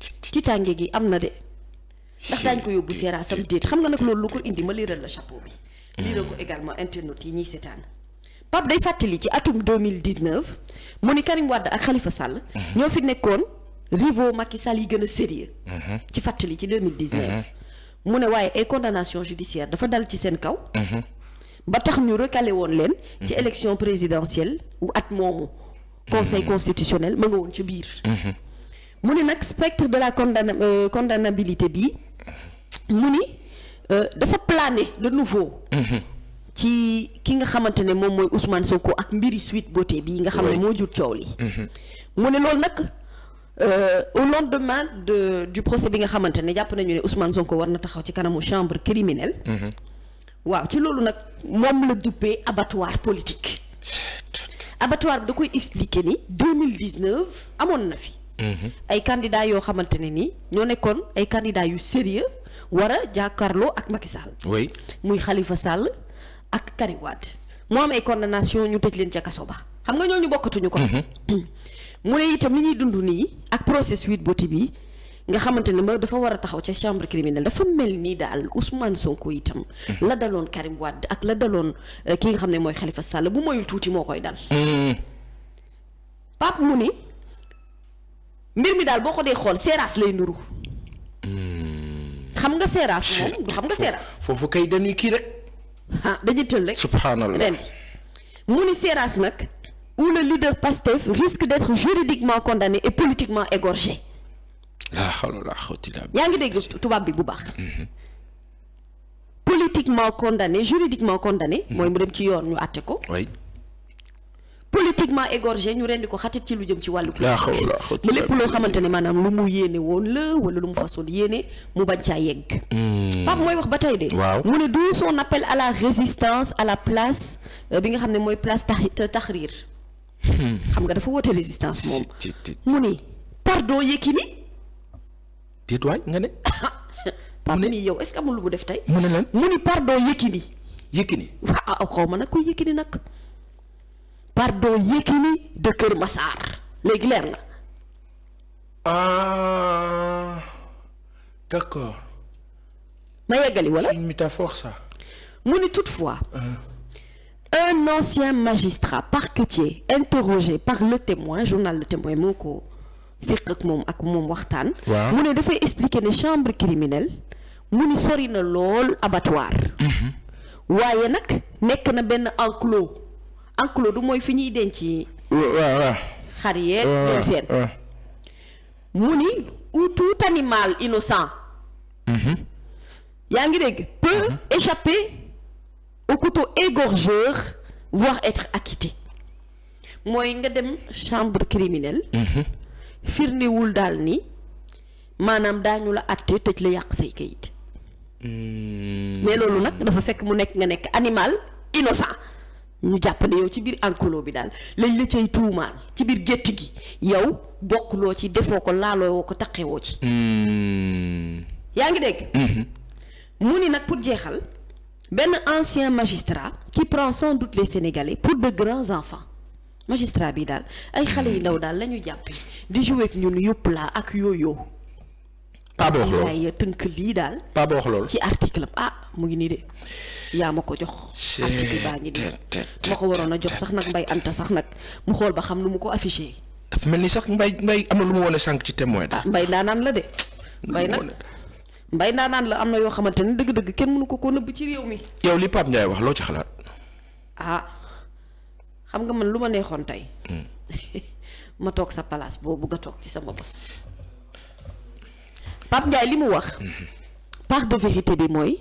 tiitaange gi am na de ndax daañ ko yóbbu seeraa sam déet xam nga nag loolu lu ko indi ma liiral la chapeau bi liiral ko également internautes yi ñuy seetaan Pape day fàttali ci atum 2019 mu ni Karim Wade ak Khalifa Sall mhm. ñoo fi nekkoon rivaux Macky Sall yi gën a sérieux mhm. ci fàttali ci 2019 mhm. mu ne waaye ay condamnation judiciaire dafa dal ci seen kaw ba tax ñu recalé woon leen ci élection présidentielle wu at moomu conseil constitutionnel ma nga woon ca biir mu ne nag spectre de la condamna euh, condamnabilité bi mu ni euh, dafa planer de nouveau mhm. ci ki nga xamante ne moom mooy Ousmane Sonko ak mbiri Sweet Beauté bii nga xam ne moo jur coow li mhm. mu ne loolu nag euh, au lendemain de du procès bi nga xamante ne jàpp nañu ne Ousmane Sonko war na taxaw ci kanamu chambre criminelle mhm. waaw ci loolu nag moom la duppee abattoir politique abattoir bi da koy expliquer ni amoon na fi ay candidats yoo xamante ne nii ñoo nekkoon ay candidats yu sérieux war a jàkkaarloo ak Macky Sall. muy xalifa Sall ak Karim Wade mu am ay condamnation ñu tëj leen ca kaso ba xam nga ñooñu bokkatuñu ko. Mm-hmm. mu ne itam li ñuy dund nii ak procès Sweet Beauté bi nga xamante ne ma dafa war a taxaw ca chambre criminelle dafa mel nii daal Ousmane Sonko itam. Mm-hmm. la daloon Karim Wade ak la daloon euh, ki nga xam ne mooy xalifa Sall bu moyul tuuti moo koy dal. Mm-hmm. Pape mu ni mbir mi daal boo ko dee xool seeraas lay nuru. Hmm. xam nga seeraas xam nga seeraas. foofu kay dañuy kii rek. ah dañuy tël rek. subhanallah ren mu ni seeraas nag. où le leader Pastef risque d'être juridiquement condamné et politiquement égorgé. yaa ngi dégg tubaab bi bu baax. Mm-hmm. politiquement condamné juridiquement condamné. Mm-hmm. mooy mu dem ci yoon ñu àtte ko. politiquement égorgé ñu rendi ko xatit ci lu jëm ci wàllu politique lépp loo xamante ne maanaam lu mu yéene woon la wala lu mu façon yéene mu bañ caa yegg hmm. Pape mooy wax ba tey de waaw mu ne d'où son appel à la résistance euh, bi nga xam ne mooy place euh, Tahrir hmm. xam nga dafa woote résistance moom mu ne pardon Yékini déet waay nga ne Pape yow est-ce que def tey mu ne lan mu ni pardon ah, xaw ma nag koy Yékini nag pardon Yékini de Kër Massar léegi leer na. ah d' accord. ma yeggali wala c'est mu ni toutefois. Euh. un ancien magistrat parquetier interrogé par le témoin journal le témoin moo ko séq ak moom ak moom waxtaan. mu ne dafay expliquer ne chambre criminelle mu ni sori na lool abattoir. Mhm. waaye nag nekk na benn enclos. enclos du mooy fi ñuy denc. waaw xar yeeg ñoom seen. mu ni ou tout animal innocent. Mm-hmm. yaa ngi dégg peut mm-hmm. échapper au égorgeur voire être acquitté mooy nga dem chambre criminelle. Mm-hmm. firndewul daal ni maanaam daañu la àtte tëj la yàq say kayit. Mm. mais loolu nag dafa fekk mu nekk nga nekk animal innocent. ñu jàpp ne yow ci biir enclos bi daal lañ la cay tuumaal ci biir gétt gi yow bokkuloo ci defoo ko laaloo ko taqewoo ci. Hmm. yaa ngi dégg. Hmm. mu ni nag pour jeexal benn ancien magistrat ci prend sans doute les Sénégalais pour de grands enfants magistrat bii daal ay xale yu ndaw daal la ñu jàppee di jouer ak ñun yópp laa ak yooyoo. paa ba wax loolu tënk lii daal. paa ba wax loolu ci article am ah mu ngi nii de yaa ma ko jox. article baa ngi nii ma ko waroon a jox sax nag mbay anta sax nag mu xool ba xam lu mu ko affiché. dafa mel ni sax mbay mbay am na lu mu wane sànq ci témoin da ah, mbay ndaanaan la de. mbay nag mbay ndaanaan la am na yoo xamante ne dëgg-dëgg kenn mënu ko koo nëbb ci réew mi. yow li Pape Ndiaye wax loo ci xalaat. ah xam nga man lu ma neexoon tey. Hmm. ma toog sa place boobu nga toog ci sa bos. Pape Ndiaye li mu wax. part de vérité bi mooy.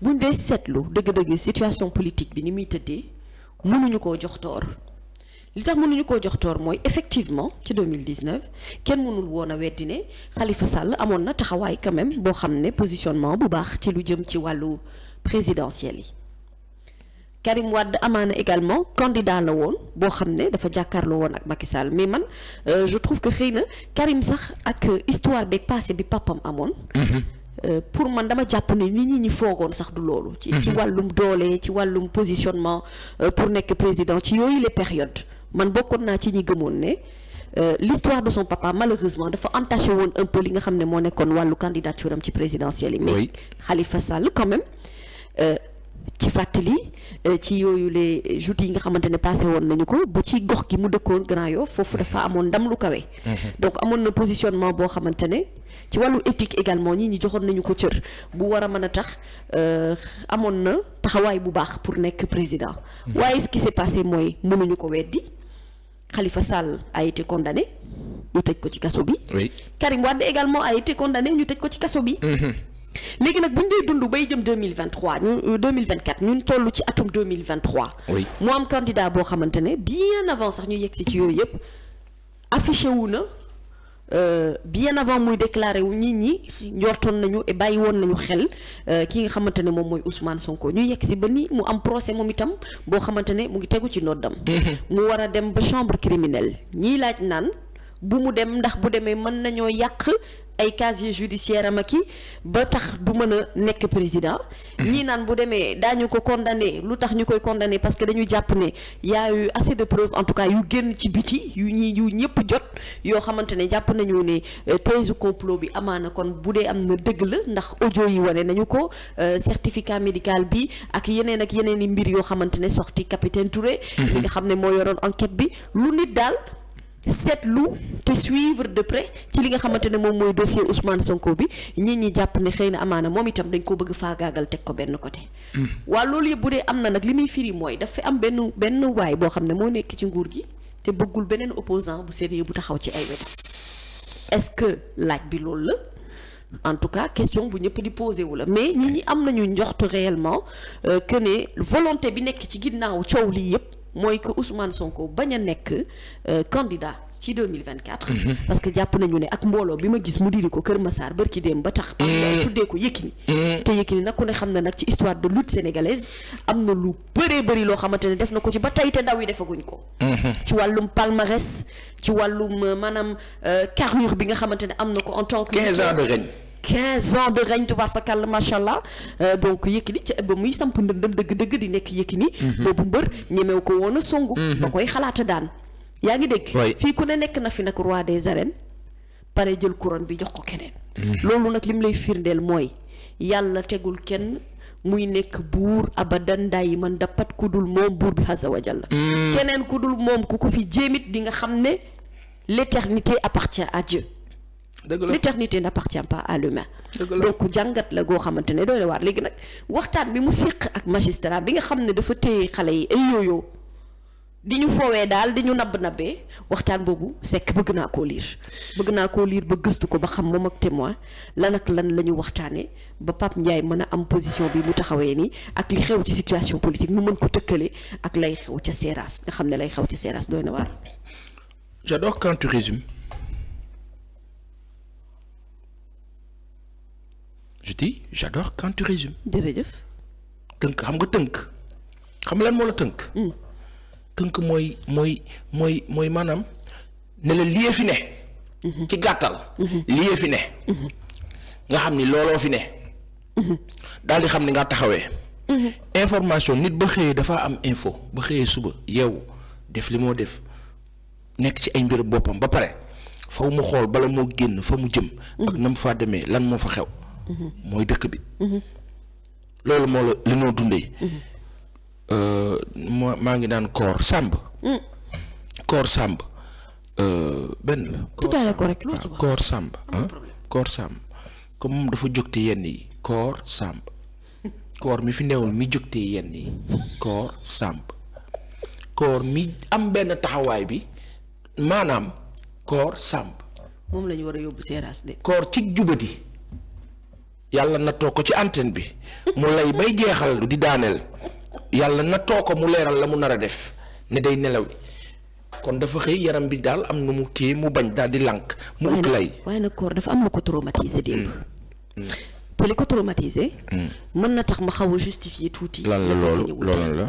buñ dee seetlu dëgg-dëgg situation politique bi ni muy tëddee mënuñu koo jox toor li tax mënuñu koo jox toor mooy effectivement ci 2019 kenn mënul woon a weddi ne Khalifa Sall amoon na taxawaay quand boo xam ne positionnement bu baax ci lu jëm ci wàllu présidentiel yi. Karim Wade amaana également candidat la woon boo xam ne dafa jàkkarloo woon ak Macky Sall mais man euh, je trouve que xëy na Karim sax ak histoire beeg passé bi papam amoon. Mhm. Euh, pour man dama jàpp ni nit ñi ñi foogoon sax du loolu. ci mhm. wàllum doole ci wàllum positionnement euh, pour nekk président ci yooyu les périodes man bokkoon naa ci ñi gëmoon ne. Euh, l'histoire de son papa malheureusement dafa entaché woon un peu li nga xam ne moo nekkoon wàllu candidature am ci présidentielle yi mais Khalifa Sall quand euh, ci fàttali euh, ci yooyu les joutes yi nga xamante ne passé woon nañu ko ba ci gox gi mu dëkkoon Grand Yoff foofu dafa mm-hmm. amoon ndam lu kawe. Mm-hmm. donc amoon na positionnement boo xamante ne ci wàllu éthique également ñi ñi joxoon nañu ko cër bu war a mën a tax euh, amoon na taxawaay bu baax pour nekk président. Mm-hmm. waaye ce qui s'est passé mooy mënuñu ko weddi xalifa Sall a été condamné ñu tëj ko ci kaso bi. Karim Wade également a été condamné ñu tëj ko ci kaso bi. léegi nag bu ñu dee dund bay jëm deux mille vingt trois ñun euh, deux mille vingt quatre ñun toll ci atum deux mille vingt mu am candidat boo xamante ne bien avant sax ñu yegg si ci yooyu yëpp affiché wu na euh, bien avant muy déclaré wu nit ñi njortoon nañu bàyyi woon nañu xel euh, ki nga xamante ne moom mooy Ousmane Sonko ñu yegg si ba ni mu am procès moom itam boo xamante ne mu ngi tegu ci noddam. Mm-hmm. mu war a dem ba chambre criminelle ñii laaj naan bu mu dem ndax bu demee mën nañoo yàq. ay casier judiciaire am ak ba tax du mën a nekk président ñii mm-hmm. naan bu demee daañu ko condamné lu tax ñu koy condamné parce que dañu jàpp ne y a eu assez de preuves en tout cas yu génn ci biti yu ñi yu ñëpp jot yoo xamante ne jàpp nañu ne euh, thèse complot bi amaana kon bu dee am na dëgg la ndax audio yi wane nañu ko euh, certificat médical bi ak yeneen ak yeneen i mbir yoo xamante ne sorti capitaine Touré. li mm-hmm. nga xam ne moo yoroon enquête bi lu nit daal seetlu te suivre de près ci li nga xamante ne moom mooy dossier Ousmane Sonko bi ñit ñi jàpp ne xëy na amaana moom itam dañ ko bëgg faagaagal teg ko benn côté mm. waa loolu yëpp bu dee am na nag li muy firi mooy daf am benn benn boo xam ne moo nekk ci nguur gi te bëggul beneen opposant bu sérieux bu taxaw ci ay wetam est-ce que laaj bi loolu la en tout cas question bu ñëpp di posé la mais ñi ñi am nañu njoxtu réellement euh, que ne volonté bi nekk ci ginnaaw coow lii yëpp mooy que Ousmane Sonko bañ a nekk euh, candidat ci 2024. Mhm. parce que jàpp nañu ne ak mbooloo bi ma gis mu diri ko Kër ma Massar barki dem ba tax. am mhm. na tuddee ko Yékini. Mhm. te Yékini nag ku ne xam na nag ci histoire de lutte sénégalaise am na lu bëree bëri loo xamante ne def na ko ci ba tey te ndaw defaguñ ko. ci wàllum palmarès ci wàllum euh, maanaam euh, carrure bi nga xamante ne am na ko en tant que. 15 ans 15 ans de règne tubaarfakàlla macha allah euh, donc Yékini ci ba muy samp ndëndëm dëgg-dëgg di nekk Yékini. Mhm. boobu mbër ñemew ko woon a songu. ba mhm. koy xalaata daan. yaa ngi dégg. fii ku ne nekk na fi nag roi des arènes pare jël couronne bi jox ko keneen. Mhm. loolu nag lim lay firndeel mooy yàlla tegul kenn. muy nekk buur abadan daay man dapat ku dul moom buur bi azza wa jalla keneen ku dul moom ku ko fi jéemit di nga xam ne l'éternité appartient à Dieu l'éternité n'appartient pas à l'humain donc jàngat la goo xamante ne doy na waar léegi nag waxtaan bi mu seq ak magistrat bi nga xam ne dafa téye xale yi ay yooyoo di ñu foowee daal di ñu nabb nabbee waxtaan boobu sekk bëgg naa koo liir bëgg naa ko liir ba gëstu ko ba xam moom ak témoin lan nag lan la ñu waxtaanee ba Pape Ndiaye mën a am position bi mu taxawee nii ak li xew ci situation politique mu mën ko tëkkale ak lay xew ca Seras nga xam ne lay xew ca Seras doy na waar. je dis j'adore quand tu résumes. tënk xam nga tënk xam lan moo la tënk. Hmm. tënk mooy mooy mooy mooy maanaam ne la lii fi ne. Hmm. ci gàttal. Hmm. lii fi ne. nga xam ni looloo fi ne. daal di xam ni nga taxawee. information nit ba xëyee dafa am info ba xëyee suba yeewu def li moo def nekk ci ay mbir boppam ba pare faw mu xool bala moo génn fa mu jëm. ak na mu faa demee lan moo fa xew. mooy dëkk bi. Mhm. loolu moo la li noo dundee. ma mhm. euh, maa ngi daan koor sàmb. Mm. koor sàmb euh, benn la. koor sàmb ah, koor sàmb ah, comme moom dafa jógte yenn yi koor sàmb koor mi fi newul mi jógte yenn yi koor sàmb koor mi am benn taxawaay bi maanaam koor sàmb moom la war a yóbbu seeraas de koor ci jubadi yàlla na toog ko ci antenne bi mu lay bay jeexal di daaneel yàlla na nattoo ko mu leeral la mu nar a def ne day nelaw kon dafa xëy yaram bi daal am na mu téye mu bañ daal di lank mu ut lay waaye nag koor dafa am na ko traumatisé démb mm. Mm. te li ko traumatisé mm. mën na tax ma xaw a justifier tuuti lan la loolu loolu la